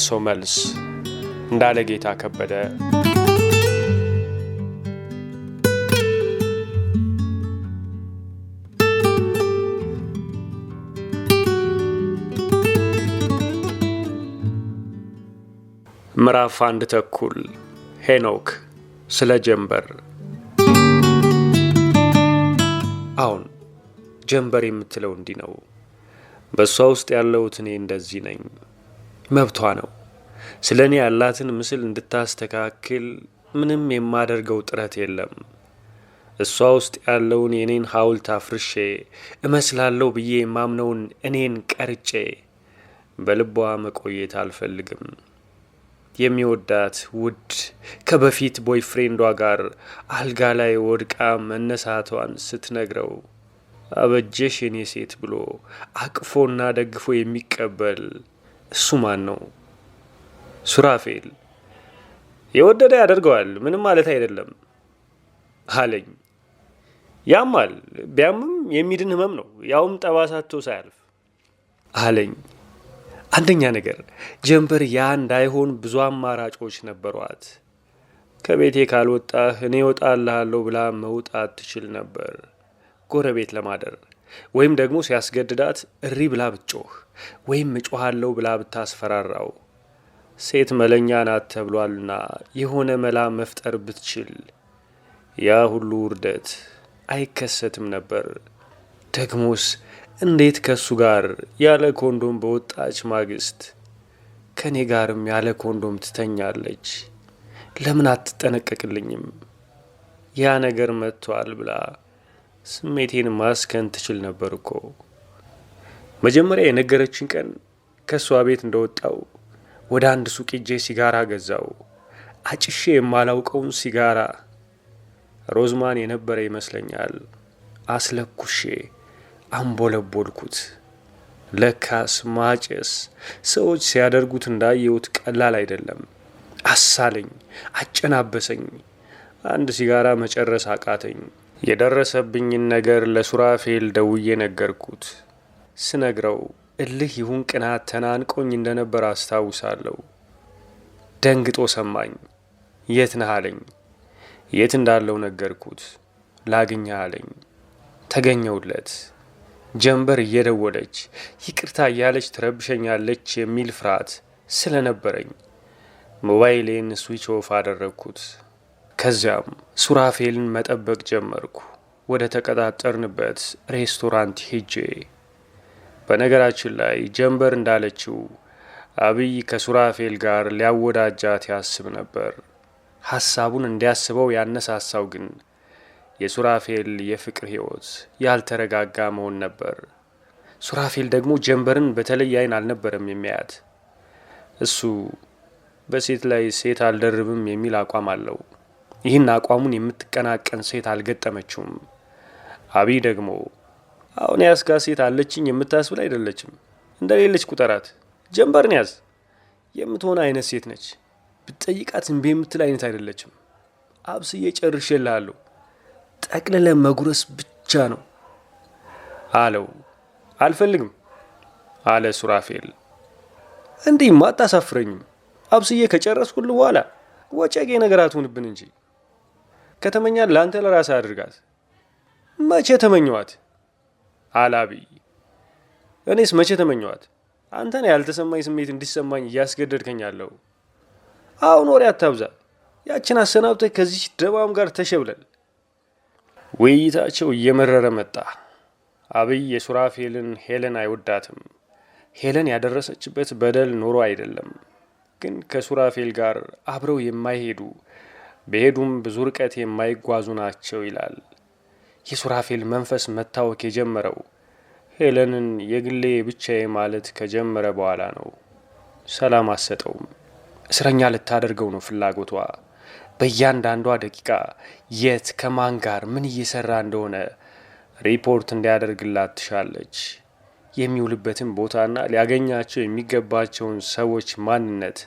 የደርሶ መልስ እንዳለ ጌታ ከበደ ምዕራፍ አንድ ተኩል ሄኖክ ስለ ጀንበር። አሁን ጀንበር የምትለው እንዲህ ነው። በእሷ ውስጥ ያለሁት እኔ እንደዚህ ነኝ። መብቷ ነው። ስለ እኔ ያላትን ምስል እንድታስተካክል ምንም የማደርገው ጥረት የለም። እሷ ውስጥ ያለውን የእኔን ሐውልት አፍርሼ እመስላለሁ ብዬ የማምነውን እኔን ቀርጬ በልቧ መቆየት አልፈልግም። የሚወዳት ውድ ከበፊት ቦይፍሬንዷ ጋር አልጋ ላይ ወድቃ መነሳቷን ስትነግረው አበጀሽ የኔ ሴት ብሎ አቅፎና ደግፎ የሚቀበል እሱ ማን ነው? ሱራፌል የወደደ ያደርገዋል፣ ምንም ማለት አይደለም አለኝ። ያማል፣ ቢያምም የሚድን ህመም ነው፣ ያውም ጠባሳቶ ሳያልፍ አለኝ። አንደኛ ነገር ጀንበር ያ እንዳይሆን ብዙ አማራጮች ነበሯት። ከቤቴ ካልወጣህ እኔ እወጣልሃለሁ ብላ መውጣት ትችል ነበር፣ ጎረቤት ለማደር ወይም ደግሞ ሲያስገድዳት እሪ ብላ ብትጮህ ወይም እጮኋለሁ ብላ ብታስፈራራው ሴት መለኛ ናት ተብሏልና የሆነ መላ መፍጠር ብትችል ያ ሁሉ ውርደት አይከሰትም ነበር። ደግሞስ እንዴት ከሱ ጋር ያለ ኮንዶም በወጣች ማግስት ከእኔ ጋርም ያለ ኮንዶም ትተኛለች፣ ለምን አትጠነቀቅልኝም? ያ ነገር መጥቷል ብላ ስሜቴን ማስከን ትችል ነበር እኮ። መጀመሪያ የነገረችን ቀን ከእሷ ቤት እንደወጣው ወደ አንድ ሱቅ ሄጄ ሲጋራ ገዛው። አጭሼ የማላውቀውን ሲጋራ ሮዝማን የነበረ ይመስለኛል። አስለኩሼ አንቦለቦልኩት። ለካስ ማጨስ ሰዎች ሲያደርጉት እንዳየሁት ቀላል አይደለም። አሳለኝ፣ አጨናበሰኝ። አንድ ሲጋራ መጨረስ አቃተኝ። የደረሰብኝን ነገር ለሱራፌል ደውዬ ነገርኩት። ስነግረው እልህ ይሁን ቅናት ተናንቆኝ እንደነበር አስታውሳለሁ። ደንግጦ ሰማኝ። የት ነህ አለኝ። የት እንዳለው ነገርኩት። ላግኛ አለኝ። ተገኘውለት። ጀንበር እየደወለች ይቅርታ እያለች ትረብሸኛለች የሚል ፍርሃት ስለነበረኝ ሞባይሌን ስዊች ኦፍ አደረግኩት። ከዚያም ሱራፌልን መጠበቅ ጀመርኩ። ወደ ተቀጣጠርንበት ሬስቶራንት ሄጄ። በነገራችን ላይ ጀንበር እንዳለችው አብይ ከሱራፌል ጋር ሊያወዳጃት ያስብ ነበር። ሐሳቡን እንዲያስበው ያነሳሳው ግን የሱራፌል የፍቅር ሕይወት ያልተረጋጋ መሆን ነበር። ሱራፌል ደግሞ ጀንበርን በተለይ አይን አልነበረም የሚያያት። እሱ በሴት ላይ ሴት አልደርብም የሚል አቋም አለው። ይህን አቋሙን የምትቀናቀን ሴት አልገጠመችውም። አብይ ደግሞ አሁን ያስጋ ሴት አለችኝ የምታስብል አይደለችም። እንደሌለች ቁጠራት። ጀንበርን ያዝ የምትሆነ አይነት ሴት ነች። ብትጠይቃት እምቢ የምትል አይነት አይደለችም። አብስዬ ጨርሼልሃለሁ፣ ጠቅልለ መጉረስ ብቻ ነው አለው። አልፈልግም አለ ሱራፌል። እንዲህማ አታሳፍረኝም። አብስዬ ከጨረስኩልህ በኋላ ወጨጌ ነገር አትሆንብን እንጂ ከተመኛ ለአንተ ለራስህ አድርጋት። መቼ ተመኘዋት አለ እኔስ መቼ ተመኘዋት? አንተን ያልተሰማኝ ስሜት እንዲሰማኝ አለው። አሁን ወሬ አታብዛ። ያችን አሰናብተህ ከዚች ደባም ጋር ተሸብለል። ውይይታቸው እየመረረ መጣ። አብይ የሱራፌልን ሄለን አይወዳትም። ሄለን ያደረሰችበት በደል ኖሮ አይደለም፣ ግን ከሱራፌል ጋር አብረው የማይሄዱ በሄዱም ብዙ ርቀት የማይጓዙ ናቸው ይላል። የሱራፌል መንፈስ መታወክ የጀመረው ሄለንን የግሌ ብቻዬ ማለት ከጀመረ በኋላ ነው። ሰላም አሰጠውም። እስረኛ ልታደርገው ነው ፍላጎቷ። በእያንዳንዷ ደቂቃ የት ከማን ጋር ምን እየሰራ እንደሆነ ሪፖርት እንዲያደርግላት ትሻለች። የሚውልበትን ቦታና ሊያገኛቸው የሚገባቸውን ሰዎች ማንነት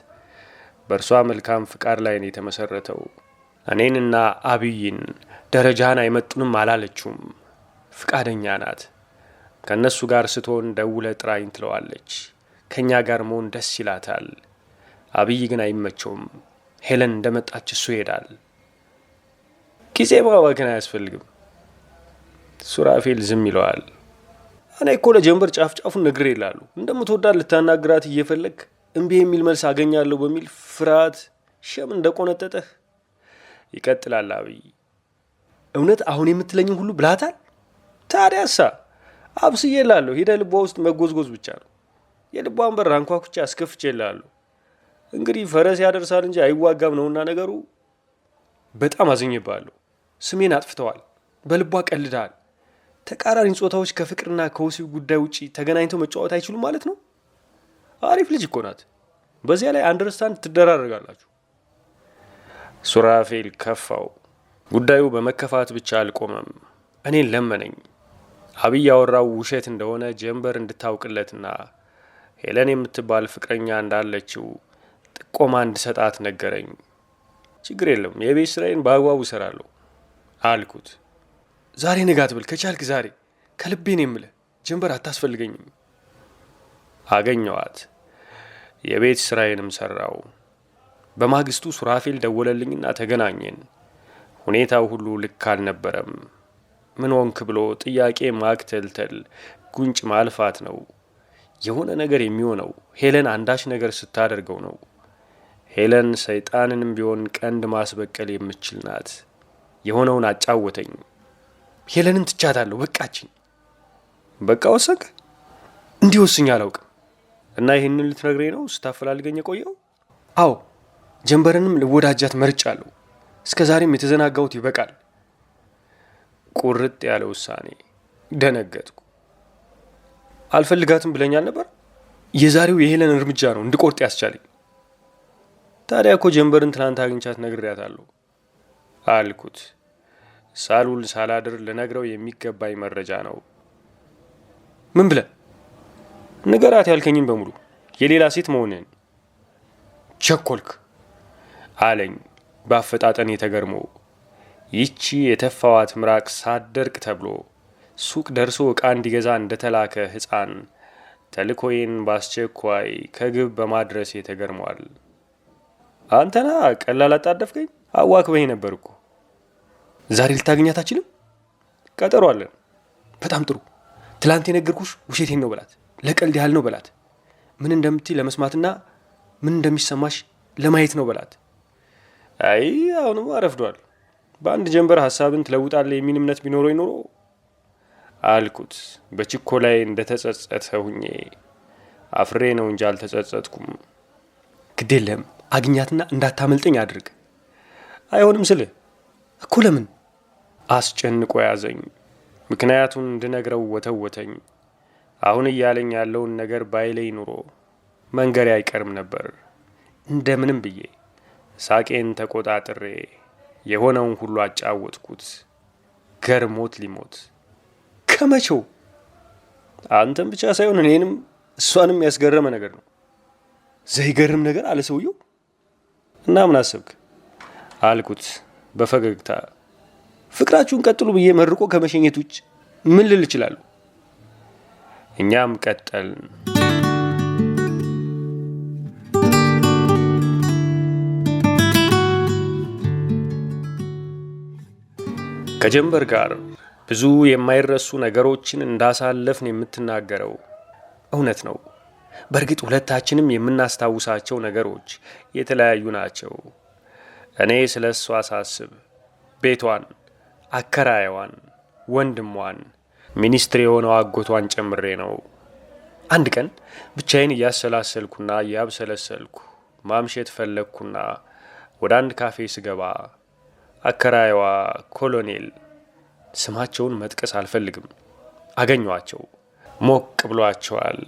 በእርሷ መልካም ፍቃድ ላይ ነው የተመሰረተው። እኔንና አብይን ደረጃን አይመጡንም አላለችውም። ፍቃደኛ ናት። ከእነሱ ጋር ስትሆን ደውለ ጥራኝ ትለዋለች። ከእኛ ጋር መሆን ደስ ይላታል። አብይ ግን አይመቸውም። ሄለን እንደመጣች እሱ ይሄዳል። ጊዜ ማባከን አያስፈልግም። ሱራፌል ዝም ይለዋል። እኔ እኮ ለጀንበር ጫፍ ጫፉን ነግሬ ይላሉ እንደምትወዳት ልታናግራት እየፈለግ እምቢ የሚል መልስ አገኛለሁ በሚል ፍርሃት ሸም እንደቆነጠጠህ ይቀጥላል አብይ። እውነት አሁን የምትለኝን ሁሉ ብላታል። ታዲያሳ አብስዬ ላለሁ ሄደ ልቧ ውስጥ መጎዝጎዝ ብቻ ነው። የልቧን በር አንኳኩቼ አስከፍቼ ላለሁ። እንግዲህ ፈረስ ያደርሳል እንጂ አይዋጋም ነውና ነገሩ። በጣም አዝኝባለሁ ስሜን አጥፍተዋል። በልቧ ቀልዳል። ተቃራኒ ጾታዎች ከፍቅርና ከወሲብ ጉዳይ ውጪ ተገናኝተው መጫወት አይችሉም ማለት ነው። አሪፍ ልጅ እኮ ናት። በዚያ ላይ አንደርስታንድ ትደራረጋላችሁ። ሱራፌል ከፋው። ጉዳዩ በመከፋት ብቻ አልቆመም። እኔን ለመነኝ። አብይ ያወራው ውሸት እንደሆነ ጀንበር እንድታውቅለትና ሄለን የምትባል ፍቅረኛ እንዳለችው ጥቆማ እንድሰጣት ነገረኝ። ችግር የለም የቤት ስራዬን በአግባቡ እሰራለሁ አልኩት። ዛሬ ንጋት ብል ከቻልክ ዛሬ ከልቤን የምለ ጀንበር አታስፈልገኝም። አገኘዋት። የቤት ስራዬንም ሰራው። በማግስቱ ሱራፌል ደወለልኝና ተገናኘን። ሁኔታው ሁሉ ልክ አልነበረም። ምን ሆንክ ብሎ ጥያቄ ማክተልተል ጉንጭ ማልፋት ነው። የሆነ ነገር የሚሆነው ሄለን አንዳች ነገር ስታደርገው ነው። ሄለን ሰይጣንንም ቢሆን ቀንድ ማስበቀል የምችል ናት። የሆነውን አጫወተኝ። ሄለንን ትቻታለሁ። በቃችኝ። በቃ ወሰንክ? እንዲህ ወስኝ አላውቅም። እና ይህንን ልትነግሬ ነው ስታፈላልገኝ የቆየው? አዎ ጀንበርንም ልወዳጃት አለው እስከ ዛሬም የተዘናጋሁት ይበቃል። ቁርጥ ያለ ውሳኔ። ደነገጥኩ። አልፈልጋትም ብለኛል ነበር። የዛሬው የሄለን እርምጃ ነው እንድቆርጥ ያስቻለኝ። ታዲያ እኮ ጀንበርን ትናንት አግኝቻት ነግሬያታለሁ አልኩት። ሳልውል ሳላድር ልነግረው የሚገባኝ መረጃ ነው። ምን ብለ ንገራት ያልከኝን በሙሉ የሌላ ሴት መሆንን ቸኮልክ። አለኝ በአፈጣጠን ተገርሞ። ይቺ የተፋዋት ምራቅ ሳትደርቅ ተብሎ ሱቅ ደርሶ ዕቃ እንዲገዛ እንደተላከ ሕፃን ተልኮዬን በአስቸኳይ ከግብ በማድረስ የተገርሟል። አንተና ቀላል አጣደፍከኝ፣ አዋክበኝ ነበር እኮ። ዛሬ ልታገኛት አችልም? ቀጠሮ አለን። በጣም ጥሩ። ትላንት የነገርኩሽ ውሸቴን ነው በላት፣ ለቀልድ ያህል ነው በላት። ምን እንደምትይ ለመስማትና ምን እንደሚሰማሽ ለማየት ነው በላት። አይ አሁንማ ረፍዷል። በአንድ ጀንበር ሀሳብን ትለውጣለህ የሚል እምነት ቢኖረ ይኖሮ አልኩት በችኮ ላይ እንደተጸጸተ ሁኜ። አፍሬ ነው እንጂ ግድ ግዴለም አግኛትና እንዳታመልጠኝ አድርግ። አይሆንም ስል እኮ ለምን አስጨንቆ ያዘኝ። ምክንያቱን እንድነግረው ወተወተኝ። አሁን እያለኝ ያለውን ነገር ባይለኝ ኑሮ መንገሬ አይቀርም ነበር እንደምንም ብዬ ሳቄን ተቆጣጥሬ የሆነውን ሁሉ አጫወትኩት። ገርሞት ሊሞት ከመቼው አንተም ብቻ ሳይሆን እኔንም እሷንም ያስገረመ ነገር ነው። ዘይገርም ነገር አለ ሰውየው። እና ምን አሰብክ አልኩት በፈገግታ። ፍቅራችሁን ቀጥሉ ብዬ መርቆ ከመሸኘት ውጭ ምን ልል እችላለሁ? እኛም ቀጠልን። ከጀንበር ጋር ብዙ የማይረሱ ነገሮችን እንዳሳለፍን የምትናገረው እውነት ነው። በእርግጥ ሁለታችንም የምናስታውሳቸው ነገሮች የተለያዩ ናቸው። እኔ ስለ እሷ ሳስብ ቤቷን፣ አከራይዋን፣ ወንድሟን፣ ሚኒስትር የሆነው አጎቷን ጨምሬ ነው። አንድ ቀን ብቻዬን እያሰላሰልኩና እያብሰለሰልኩ ማምሸት ፈለግኩና ወደ አንድ ካፌ ስገባ አከራይዋ ኮሎኔል ስማቸውን መጥቀስ አልፈልግም አገኘኋቸው። ሞቅ ብሏቸዋል።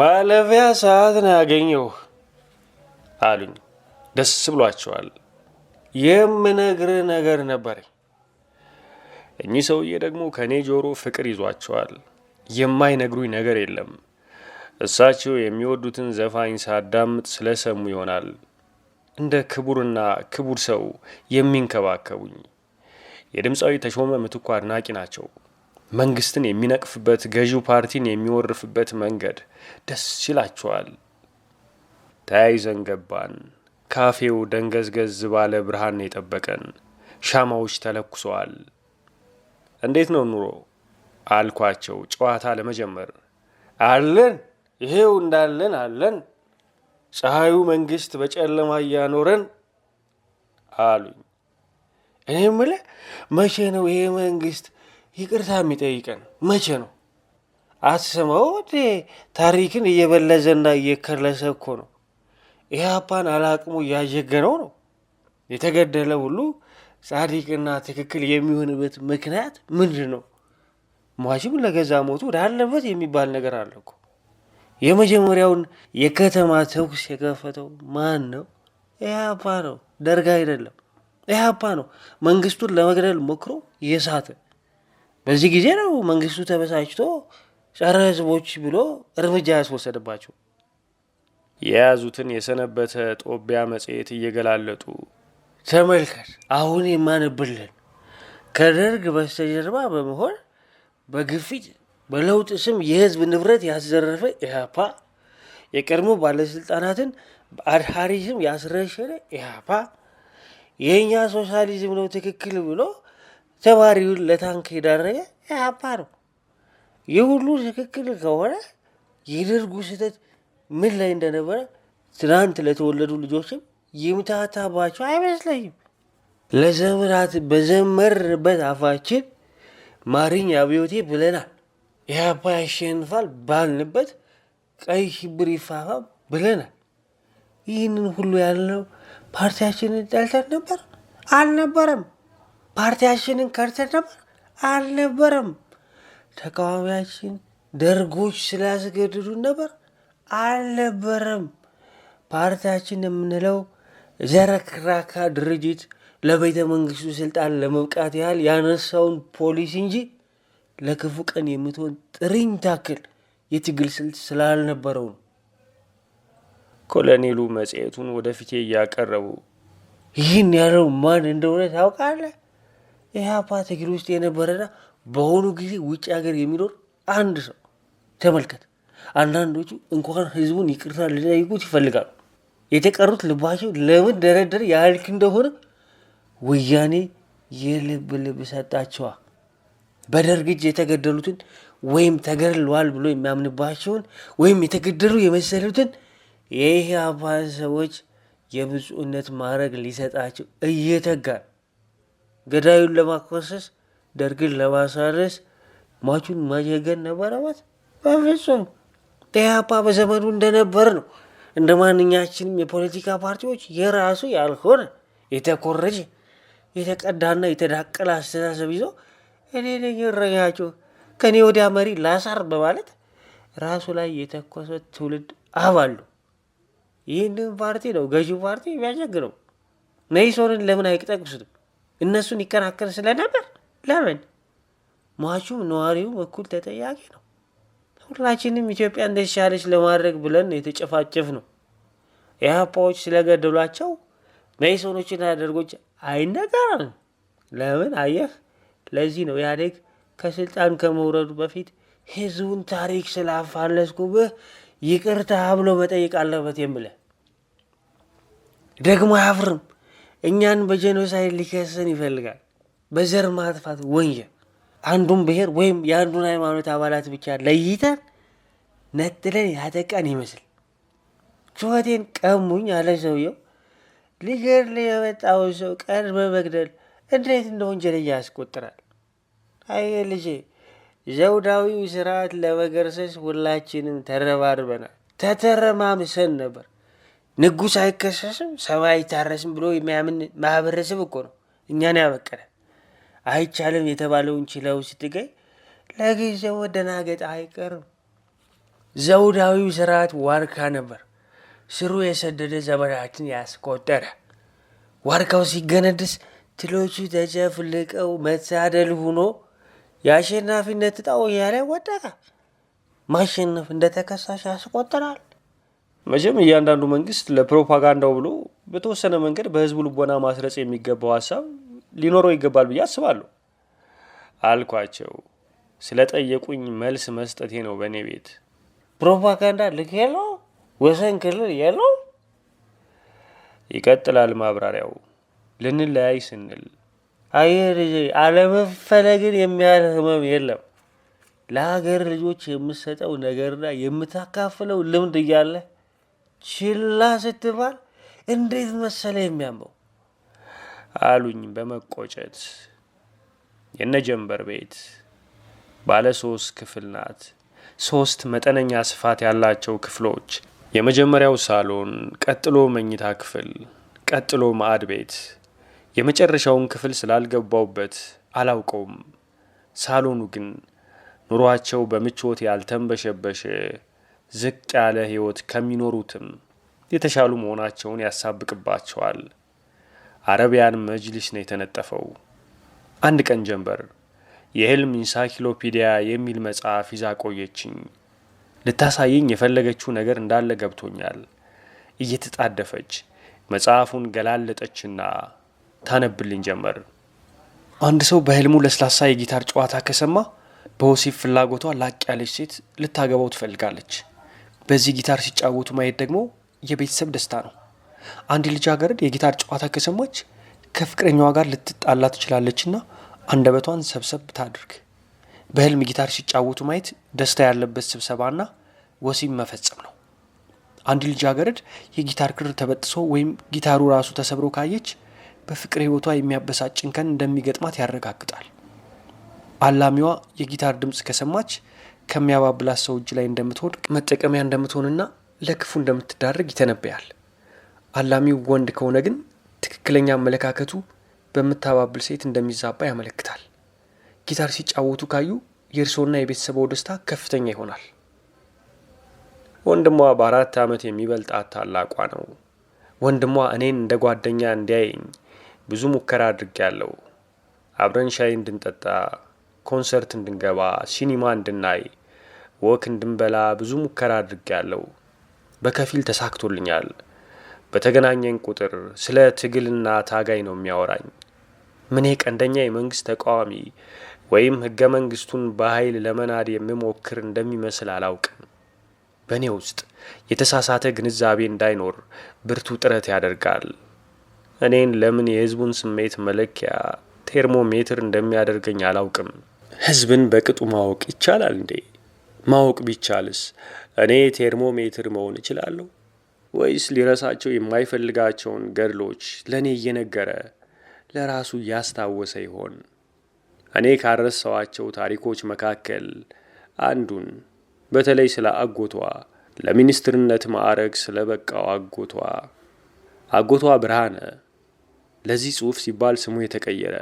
ማለፊያ ሰዓት ነው ያገኘው አሉኝ። ደስ ብሏቸዋል። የምነግር ነገር ነበር። እኚህ ሰውዬ ደግሞ ከእኔ ጆሮ ፍቅር ይዟቸዋል። የማይነግሩኝ ነገር የለም። እሳቸው የሚወዱትን ዘፋኝ ሳዳምጥ ስለሰሙ ይሆናል። እንደ ክቡርና ክቡር ሰው የሚንከባከቡኝ የድምፃዊ ተሾመ ምትኩ አድናቂ ናቸው። መንግስትን የሚነቅፍበት ገዢው ፓርቲን የሚወርፍበት መንገድ ደስ ይላቸዋል። ተያይዘን ገባን። ካፌው ደንገዝገዝ ባለ ብርሃን የጠበቀን፣ ሻማዎች ተለኩሰዋል። እንዴት ነው ኑሮ አልኳቸው ጨዋታ ለመጀመር። አለን ይሄው እንዳለን አለን ፀሐዩ መንግስት በጨለማ እያኖረን አሉኝ። እኔ የምልህ መቼ ነው ይሄ መንግስት ይቅርታ የሚጠይቀን? መቼ ነው? አትሰማው ታሪክን እየበለዘና እየከለሰ እኮ ነው። ኢህአፓን አላቅሙ እያጀገነው ነው። የተገደለ ሁሉ ጻድቅና ትክክል የሚሆንበት ምክንያት ምንድን ነው? ሟችም ለገዛ ሞቱ ወዳለበት የሚባል ነገር አለ እኮ የመጀመሪያውን የከተማ ተኩስ የከፈተው ማን ነው? ኢህአፓ ነው፣ ደርግ አይደለም። ኢህአፓ ነው መንግስቱን ለመግደል ሞክሮ የሳተ። በዚህ ጊዜ ነው መንግስቱ ተበሳጭቶ ጸረ ህዝቦች ብሎ እርምጃ ያስወሰደባቸው። የያዙትን የሰነበተ ጦቢያ መጽሔት እየገላለጡ ተመልከት። አሁን የማንብልን ከደርግ በስተጀርባ በመሆን በግፊት በለውጥ ስም የህዝብ ንብረት ያዘረፈ ኢህአፓ፣ የቀድሞ ባለስልጣናትን በአድሃሪ ስም ያስረሸነ ኢህአፓ፣ የእኛ ሶሻሊዝም ነው ትክክል ብሎ ተማሪውን ለታንክ የዳረገ ኢህአፓ ነው። ይህ ሁሉ ትክክል ከሆነ የደርጉ ስህተት ምን ላይ እንደነበረ ትናንት ለተወለዱ ልጆችም ይምታታባቸው አይመስለኝም። ለዘመናት በዘመርበት አፋችን ማሪኝ አብዮቴ ብለናል። የአባይ ያሸንፋል ባልንበት ቀይ ሽብር ይፋፋ ብለናል። ይህንን ሁሉ ያልነው ፓርቲያችንን ጠልተን ነበር? አልነበረም። ፓርቲያችንን ከርተን ነበር? አልነበረም። ተቃዋሚያችን ደርጎች ስላስገድዱን ነበር? አልነበረም። ፓርቲያችን የምንለው ዘረክራካ ድርጅት ለቤተ መንግስቱ ስልጣን ለመብቃት ያህል ያነሳውን ፖሊሲ እንጂ ለክፉ ቀን የምትሆን ጥሪኝ ታክል የትግል ስልት ስላልነበረው ነው። ኮሎኔሉ መጽሔቱን ወደፊቴ እያቀረቡ ይህን ያለው ማን እንደሆነ ታውቃለህ? ኢህአፓ ትግል ውስጥ የነበረና በአሁኑ ጊዜ ውጭ ሀገር የሚኖር አንድ ሰው ተመልከት። አንዳንዶቹ እንኳን ህዝቡን ይቅርታ ሊጠይቁት ይፈልጋሉ። የተቀሩት ልባቸው ለምን ደረደር ያህልክ እንደሆነ ወያኔ የልብ ልብ ሰጣቸዋ። በደርግ እጅ የተገደሉትን ወይም ተገድለዋል ብሎ የሚያምንባቸውን ወይም የተገደሉ የመሰሉትን የኢህአፓን ሰዎች የብፁዕነት ማዕረግ ሊሰጣቸው እየተጋ ገዳዩን ለማኮሰስ ደርግን ለማሳረስ ማቹን ማጀገን ነበረባት። በፍጹም ኢህአፓ በዘመኑ እንደነበር ነው። እንደ ማንኛችንም የፖለቲካ ፓርቲዎች የራሱ ያልሆነ የተኮረጀ የተቀዳና የተዳቀለ አስተሳሰብ ይዘው እኔ ነኝ እረኛችሁ ከእኔ ወዲያ መሪ ላሳር በማለት ራሱ ላይ የተኮሰ ትውልድ አባሉ። ይህንን ፓርቲ ነው ገዢ ፓርቲ የሚያጀግነው። መይሶንን ለምን አይጠቅሱትም? እነሱን ይከራከር ስለነበር ለምን ሟቹም ነዋሪውም እኩል ተጠያቂ ነው። ሁላችንም ኢትዮጵያ እንደተሻለች ለማድረግ ብለን የተጨፋጨፍ ነው። ኢህአፓዎች ስለገደሏቸው መይሶኖችና ደርጎች አይነገርም። ለምን አየህ? ለዚህ ነው ኢህአዴግ ከስልጣን ከመውረዱ በፊት ህዝቡን ታሪክ ስላፋለስኩብህ ይቅርታ ብሎ መጠየቅ አለበት ደግሞ አያፍርም። እኛን በጀኖሳይድ ሊከሰን ይፈልጋል። በዘር ማጥፋት ወንጀል አንዱን ብሔር ወይም የአንዱን ሃይማኖት አባላት ብቻ ለይተን ነጥለን ያጠቃን ይመስል ጩኸቴን ቀሙኝ አለ ሰውየው። ሊገድል የመጣውን ሰው ቀድመ መግደል እንዴት እንደ ወንጀል ያስቆጥራል። አይ ልጄ ዘውዳዊው ስርዓት ለመገርሰስ ሁላችንም ተረባርበናል። ተተረማምሰን ነበር። ንጉሥ አይከሰስም ሰማይ አይታረስም ብሎ የሚያምን ማህበረሰብ እኮ ነው እኛን ያበቀለ። አይቻልም የተባለውን ችለው ስትገኝ ለጊዜው መደናገጥ አይቀርም። ዘውዳዊው ስርዓት ዋርካ ነበር፣ ስሩ የሰደደ ዘመናትን ያስቆጠረ። ዋርካው ሲገነድስ ትሎቹ ተጨፍልቀው መሳደል ሆኖ የአሸናፊነት እጣው እያለ ወደቀ። ማሸነፍ እንደ ተከሳሽ ያስቆጥራል። መቼም እያንዳንዱ መንግስት ለፕሮፓጋንዳው ብሎ በተወሰነ መንገድ በህዝቡ ልቦና ማስረጽ የሚገባው ሀሳብ ሊኖረው ይገባል ብዬ አስባለሁ አልኳቸው። ስለጠየቁኝ መልስ መስጠቴ ነው። በእኔ ቤት ፕሮፓጋንዳ ልክ የለው፣ ወሰን ክልል የለው። ይቀጥላል ማብራሪያው። ልንለያይ ስንል አየር አለመፈለግን የሚያህል ህመም የለም። ለሀገር ልጆች የምሰጠው ነገርና የምታካፍለው ልምድ እያለ ችላ ስትባል እንዴት መሰለ የሚያመው አሉኝ በመቆጨት። የነጀንበር ቤት ባለ ሶስት ክፍል ናት። ሶስት መጠነኛ ስፋት ያላቸው ክፍሎች፣ የመጀመሪያው ሳሎን፣ ቀጥሎ መኝታ ክፍል፣ ቀጥሎ ማዕድ ቤት የመጨረሻውን ክፍል ስላልገባውበት አላውቀውም። ሳሎኑ ግን ኑሯቸው በምቾት ያልተንበሸበሸ ዝቅ ያለ ሕይወት ከሚኖሩትም የተሻሉ መሆናቸውን ያሳብቅባቸዋል። አረቢያን መጅሊስ ነው የተነጠፈው። አንድ ቀን ጀንበር የህልም ኢንሳይክሎፒዲያ የሚል መጽሐፍ ይዛ ቆየችኝ። ልታሳየኝ የፈለገችው ነገር እንዳለ ገብቶኛል። እየተጣደፈች መጽሐፉን ገላለጠችና ታነብልኝ ጀመር። አንድ ሰው በህልሙ ለስላሳ የጊታር ጨዋታ ከሰማ በወሲብ ፍላጎቷ ላቅ ያለች ሴት ልታገባው ትፈልጋለች። በዚህ ጊታር ሲጫወቱ ማየት ደግሞ የቤተሰብ ደስታ ነው። አንድ ልጃገረድ የጊታር ጨዋታ ከሰማች ከፍቅረኛዋ ጋር ልትጣላ ትችላለችና አንደበቷን ሰብሰብ ታድርግ። በህልም ጊታር ሲጫወቱ ማየት ደስታ ያለበት ስብሰባና ወሲብ መፈጸም ነው። አንድ ልጃገረድ የጊታር ክር ተበጥሶ ወይም ጊታሩ ራሱ ተሰብሮ ካየች በፍቅር ህይወቷ የሚያበሳጭ ቀን እንደሚገጥማት ያረጋግጣል። አላሚዋ የጊታር ድምፅ ከሰማች ከሚያባብላት ሰው እጅ ላይ እንደምትወድቅ መጠቀሚያ እንደምትሆንና ለክፉ እንደምትዳረግ ይተነበያል። አላሚው ወንድ ከሆነ ግን ትክክለኛ አመለካከቱ በምታባብል ሴት እንደሚዛባ ያመለክታል። ጊታር ሲጫወቱ ካዩ የእርስዎና የቤተሰበው ደስታ ከፍተኛ ይሆናል። ወንድሟ በአራት ዓመት የሚበልጣት ታላቋ ነው። ወንድሟ እኔን እንደ ጓደኛ እንዲያየኝ ብዙ ሙከራ አድርጌያለሁ። አብረን ሻይ እንድንጠጣ፣ ኮንሰርት እንድንገባ፣ ሲኒማ እንድናይ፣ ወክ እንድንበላ ብዙ ሙከራ አድርጌያለሁ። በከፊል ተሳክቶልኛል። በተገናኘን ቁጥር ስለ ትግልና ታጋይ ነው የሚያወራኝ። ምኔ ቀንደኛ የመንግስት ተቃዋሚ ወይም ህገ መንግስቱን በኃይል ለመናድ የምሞክር እንደሚመስል አላውቅም። በእኔ ውስጥ የተሳሳተ ግንዛቤ እንዳይኖር ብርቱ ጥረት ያደርጋል። እኔን ለምን የህዝቡን ስሜት መለኪያ ቴርሞሜትር እንደሚያደርገኝ አላውቅም። ህዝብን በቅጡ ማወቅ ይቻላል እንዴ? ማወቅ ቢቻልስ እኔ ቴርሞሜትር መሆን እችላለሁ ወይስ ሊረሳቸው የማይፈልጋቸውን ገድሎች ለእኔ እየነገረ ለራሱ እያስታወሰ ይሆን? እኔ ካረሳዋቸው ታሪኮች መካከል አንዱን በተለይ ስለ አጎቷ ለሚኒስትርነት ማዕረግ ስለ በቃው አጎቷ አጎቷ ብርሃነ ለዚህ ጽሑፍ ሲባል ስሙ የተቀየረ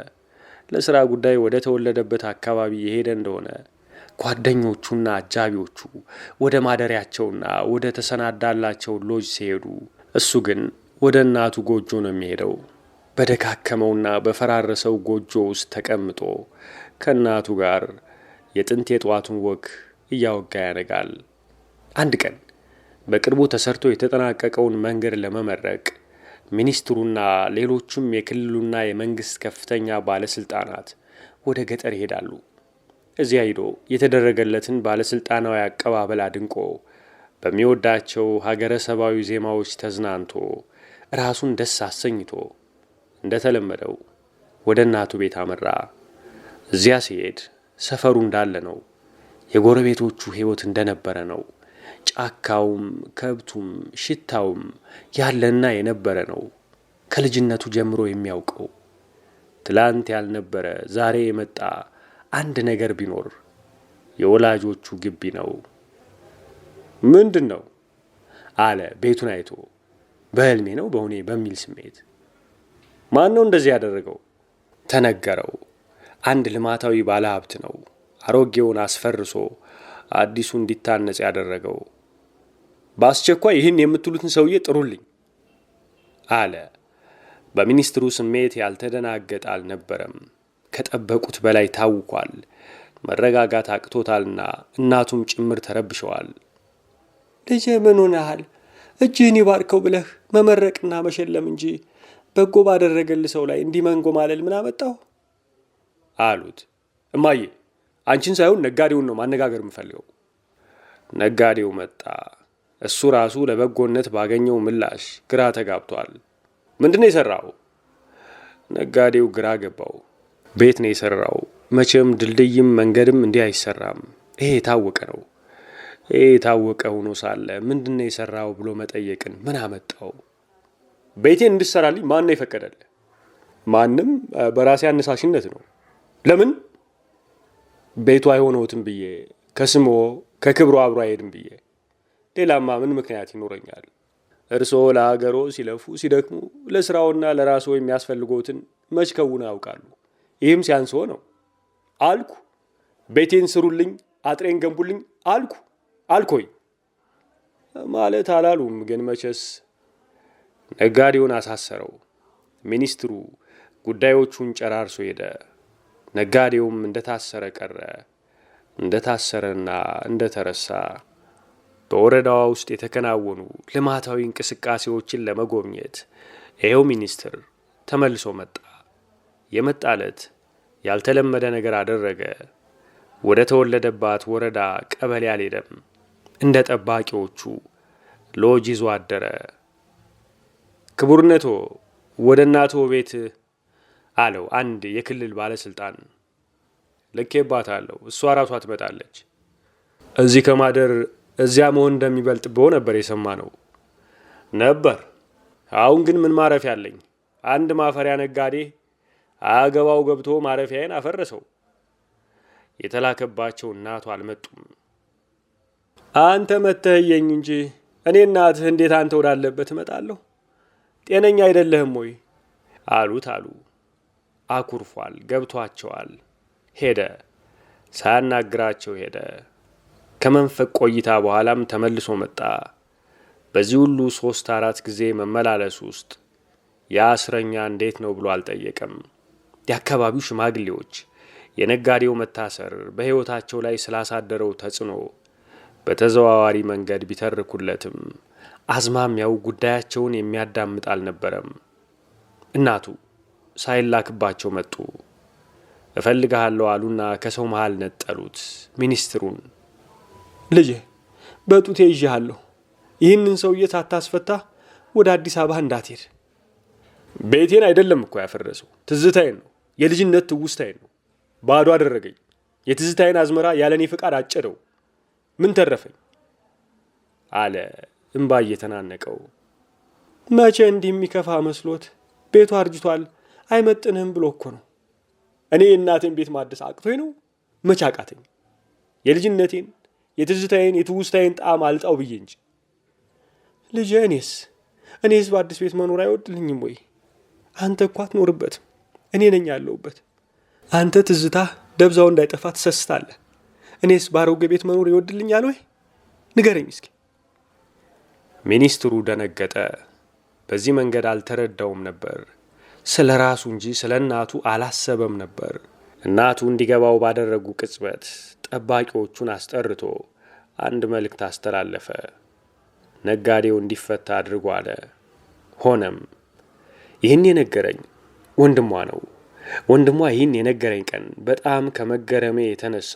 ለሥራ ጉዳይ ወደ ተወለደበት አካባቢ የሄደ እንደሆነ ጓደኞቹና አጃቢዎቹ ወደ ማደሪያቸውና ወደ ተሰናዳላቸው ሎጅ ሲሄዱ እሱ ግን ወደ እናቱ ጎጆ ነው የሚሄደው። በደካከመውና በፈራረሰው ጎጆ ውስጥ ተቀምጦ ከእናቱ ጋር የጥንት የጠዋቱን ወግ እያወጋ ያነጋል። አንድ ቀን በቅርቡ ተሰርቶ የተጠናቀቀውን መንገድ ለመመረቅ ሚኒስትሩና ሌሎቹም የክልሉና የመንግስት ከፍተኛ ባለስልጣናት ወደ ገጠር ይሄዳሉ። እዚያ ሂዶ የተደረገለትን ባለስልጣናዊ አቀባበል አድንቆ በሚወዳቸው ሀገረ ሰባዊ ዜማዎች ተዝናንቶ ራሱን ደስ አሰኝቶ እንደተለመደው ወደ እናቱ ቤት አመራ። እዚያ ሲሄድ ሰፈሩ እንዳለ ነው። የጎረቤቶቹ ሕይወት እንደነበረ ነው። ጫካውም ከብቱም ሽታውም ያለና የነበረ ነው። ከልጅነቱ ጀምሮ የሚያውቀው ትላንት ያልነበረ ዛሬ የመጣ አንድ ነገር ቢኖር የወላጆቹ ግቢ ነው። ምንድን ነው አለ ቤቱን አይቶ። በህልሜ ነው በሁኔ በሚል ስሜት ማን ነው እንደዚህ ያደረገው? ተነገረው። አንድ ልማታዊ ባለሀብት ነው አሮጌውን አስፈርሶ አዲሱ እንዲታነጽ ያደረገው። በአስቸኳይ ይህን የምትሉትን ሰውዬ ጥሩልኝ አለ። በሚኒስትሩ ስሜት ያልተደናገጠ አልነበረም። ከጠበቁት በላይ ታውኳል። መረጋጋት አቅቶታልና እናቱም ጭምር ተረብሸዋል። ልጄ ምን ሆነሃል? እጅህን ይባርከው ብለህ መመረቅና መሸለም እንጂ በጎ ባደረገል ሰው ላይ እንዲህ ማለል ምን አመጣው? አሉት። እማዬ፣ አንቺን ሳይሆን ነጋዴውን ነው ማነጋገር የምፈልገው። ነጋዴው መጣ። እሱ ራሱ ለበጎነት ባገኘው ምላሽ ግራ ተጋብቷል። ምንድን ነው የሰራው? ነጋዴው ግራ ገባው። ቤት ነው የሰራው። መቼም ድልድይም መንገድም እንዲህ አይሰራም። ይሄ የታወቀ ነው። ይሄ የታወቀ ሆኖ ሳለ ምንድን ነው የሰራው ብሎ መጠየቅን ምን አመጣው? ቤቴን እንድሰራልኝ ማን ነው የፈቀደል? ማንም። በራሴ አነሳሽነት ነው። ለምን ቤቱ አይሆነውትም ብዬ ከስሞ ከክብሩ አብሮ አይሄድም ብዬ ሌላማ ምን ምክንያት ይኖረኛል? እርስዎ ለሀገሮ ሲለፉ ሲደክሙ ለስራውና ለራስዎ የሚያስፈልጎትን መች ከውን ያውቃሉ? ይህም ሲያንስዎ ነው አልኩ። ቤቴን ስሩልኝ፣ አጥሬን ገንቡልኝ አልኩ። አልኮይ ማለት አላሉም። ግን መቼስ ነጋዴውን አሳሰረው። ሚኒስትሩ ጉዳዮቹን ጨራርሶ ሄደ። ነጋዴውም እንደታሰረ ቀረ። እንደታሰረና እንደተረሳ በወረዳዋ ውስጥ የተከናወኑ ልማታዊ እንቅስቃሴዎችን ለመጎብኘት ይኸው ሚኒስትር ተመልሶ መጣ። የመጣለት ያልተለመደ ነገር አደረገ። ወደ ተወለደባት ወረዳ ቀበሌ አልሄደም። እንደ ጠባቂዎቹ ሎጅ ይዞ አደረ። ክቡርነቶ ወደ እናቶ ቤት አለው አንድ የክልል ባለስልጣን። ልኬባታለሁ፣ እሷ ራሷ ትመጣለች። እዚህ ከማደር እዚያ መሆን እንደሚበልጥብህ ነበር የሰማ ነው ነበር። አሁን ግን ምን ማረፊያ አለኝ? አንድ ማፈሪያ ነጋዴ አገባው ገብቶ ማረፊያዬን አፈረሰው። የተላከባቸው እናቱ አልመጡም። አንተ መተህየኝ እንጂ እኔ እናትህ እንዴት አንተ ወዳለበት እመጣለሁ? ጤነኛ አይደለህም ወይ አሉት አሉ። አኩርፏል፣ ገብቷቸዋል። ሄደ፣ ሳያናግራቸው ሄደ። ከመንፈቅ ቆይታ በኋላም ተመልሶ መጣ። በዚህ ሁሉ ሦስት አራት ጊዜ መመላለስ ውስጥ ያ እስረኛ እንዴት ነው ብሎ አልጠየቀም። የአካባቢው ሽማግሌዎች የነጋዴው መታሰር በሕይወታቸው ላይ ስላሳደረው ተጽዕኖ በተዘዋዋሪ መንገድ ቢተርኩለትም አዝማሚያው ጉዳያቸውን የሚያዳምጥ አልነበረም። እናቱ ሳይላክባቸው መጡ። እፈልግሃለሁ አሉና ከሰው መሃል ነጠሉት ሚኒስትሩን ልጄ በጡቴ ይዤሃለሁ። ይህንን ሰውዬ ሳታስፈታ ወደ አዲስ አበባ እንዳትሄድ። ቤቴን አይደለም እኮ ያፈረሰው፣ ትዝታዬን ነው። የልጅነት ትውስታዬን ነው። ባዶ አደረገኝ። የትዝታዬን አዝመራ ያለኔ ፍቃድ አጨደው። ምን ተረፈኝ? አለ እምባ እየተናነቀው። መቼ እንዲህ የሚከፋ መስሎት ቤቱ አርጅቷል፣ አይመጥንህም ብሎ እኮ ነው። እኔ የእናቴን ቤት ማደስ አቅቶኝ ነው። መቼ አቃተኝ? የልጅነቴን የትዝታዬን የትውስታዬን ጣዕም አልጣው ብዬ እንጂ ልጄ፣ እኔስ እኔስ በአዲስ ቤት መኖር አይወድልኝም ወይ? አንተ እኳ አትኖርበትም፣ እኔ ነኝ ያለውበት አንተ ትዝታ ደብዛው እንዳይጠፋ ትሰስታለ። እኔስ በአሮጌ ቤት መኖር ይወድልኛል ወይ? ንገረኝ እስኪ። ሚኒስትሩ ደነገጠ። በዚህ መንገድ አልተረዳውም ነበር። ስለ ራሱ እንጂ ስለ እናቱ አላሰበም ነበር። እናቱ እንዲገባው ባደረጉ ቅጽበት ጠባቂዎቹን አስጠርቶ አንድ መልእክት አስተላለፈ። ነጋዴው እንዲፈታ አድርጎ አለ። ሆነም ይህን የነገረኝ ወንድሟ ነው። ወንድሟ ይህን የነገረኝ ቀን በጣም ከመገረሜ የተነሳ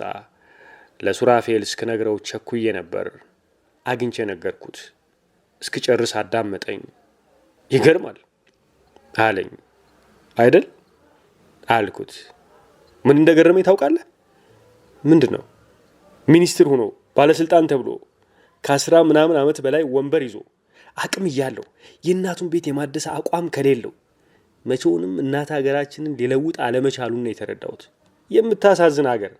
ለሱራፌል እስክነግረው ቸኩዬ ነበር። አግኝቼ ነገርኩት። እስክጨርስ አዳመጠኝ። ይገርማል አለኝ። አይደል አልኩት። ምን እንደገረመኝ ታውቃለህ? ምንድን ነው? ሚኒስትር ሆኖ ባለስልጣን ተብሎ ከአስራ ምናምን ዓመት በላይ ወንበር ይዞ አቅም እያለው የእናቱን ቤት የማደሰ አቋም ከሌለው መቼውንም እናት ሀገራችንን ሊለውጥ አለመቻሉን ነው የተረዳሁት። የምታሳዝን አገር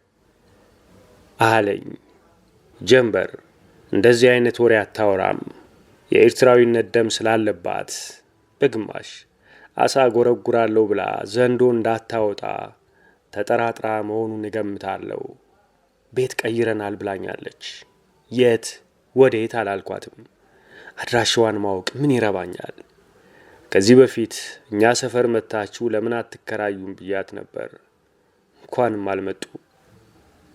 አለኝ። ጀንበር እንደዚህ አይነት ወሬ አታወራም፣ የኤርትራዊነት ደም ስላለባት በግማሽ አሳ ጎረጉራለሁ ብላ ዘንዶ እንዳታወጣ ተጠራጥራ መሆኑን እገምታለሁ። ቤት ቀይረናል ብላኛለች። የት ወዴት አላልኳትም። አድራሻዋን ማወቅ ምን ይረባኛል? ከዚህ በፊት እኛ ሰፈር መታችሁ ለምን አትከራዩም ብያት ነበር። እንኳንም አልመጡ።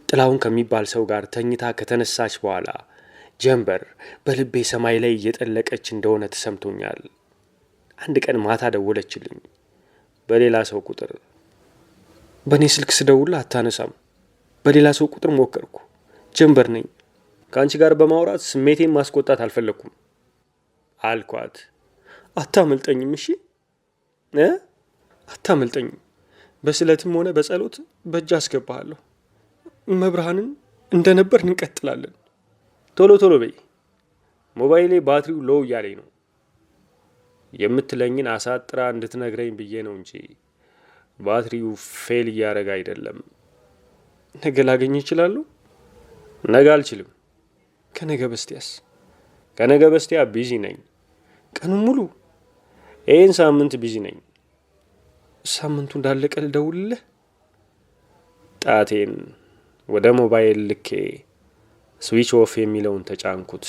ጥላውን ከሚባል ሰው ጋር ተኝታ ከተነሳች በኋላ ጀንበር በልቤ ሰማይ ላይ እየጠለቀች እንደሆነ ተሰምቶኛል። አንድ ቀን ማታ ደወለችልኝ በሌላ ሰው ቁጥር በእኔ ስልክ ስደውል አታነሳም። በሌላ ሰው ቁጥር ሞከርኩ። ጀንበር ነኝ። ከአንቺ ጋር በማውራት ስሜቴን ማስቆጣት አልፈለግኩም አልኳት። አታመልጠኝም፣ እሺ አታመልጠኝም። በስለትም ሆነ በጸሎት በእጅ አስገባሃለሁ። መብርሃንን እንደነበር እንቀጥላለን። ቶሎ ቶሎ በይ፣ ሞባይሌ ባትሪው ሎው እያለኝ ነው የምትለኝን አሳጥራ እንድትነግረኝ ብዬ ነው እንጂ ባትሪው ፌል እያደረገ አይደለም። ነገ ላገኝ ይችላሉ? ነገ አልችልም። ከነገ በስቲያስ? ከነገ በስቲያ ቢዚ ነኝ። ቀኑን ሙሉ ይህን ሳምንት ቢዚ ነኝ። ሳምንቱ እንዳለቀ ልደውልልህ። ጣቴን ወደ ሞባይል ልኬ ስዊች ኦፍ የሚለውን ተጫንኩት።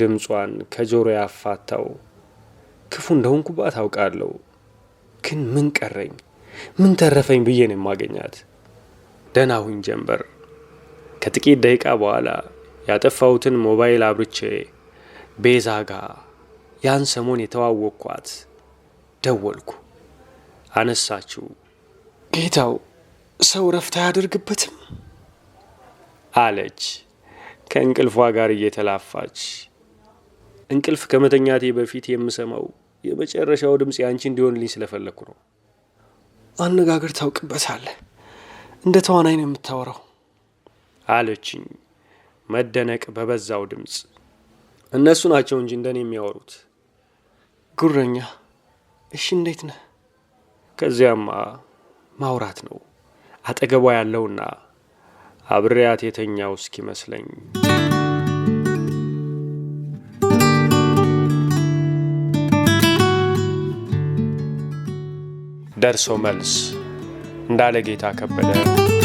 ድምጿን ከጆሮ ያፋታው ክፉ እንደሆንኩባት አውቃለሁ። ግን ምን ቀረኝ? ምን ተረፈኝ ብዬ ነው የማገኛት። ደህና ሁኝ ጀንበር። ከጥቂት ደቂቃ በኋላ ያጠፋሁትን ሞባይል አብርቼ ቤዛ ጋ ያን ሰሞን የተዋወቅኳት ደወልኩ። አነሳችው። ጌታው ሰው ረፍት አያደርግበትም አለች ከእንቅልፏ ጋር እየተላፋች። እንቅልፍ ከመተኛቴ በፊት የምሰማው የመጨረሻው ድምፅ ያንቺ እንዲሆንልኝ ስለፈለግኩ ነው። አነጋገር ታውቅበታለህ፣ እንደ ተዋናይ ነው የምታወራው አለችኝ መደነቅ በበዛው ድምፅ። እነሱ ናቸው እንጂ እንደኔ የሚያወሩት ጉረኛ። እሺ እንዴት ነህ? ከዚያማ ማውራት ነው አጠገቧ ያለውና አብሬያት የተኛው እስኪመስለኝ ደርሶ መልስ እንዳለ ጌታ ከበደ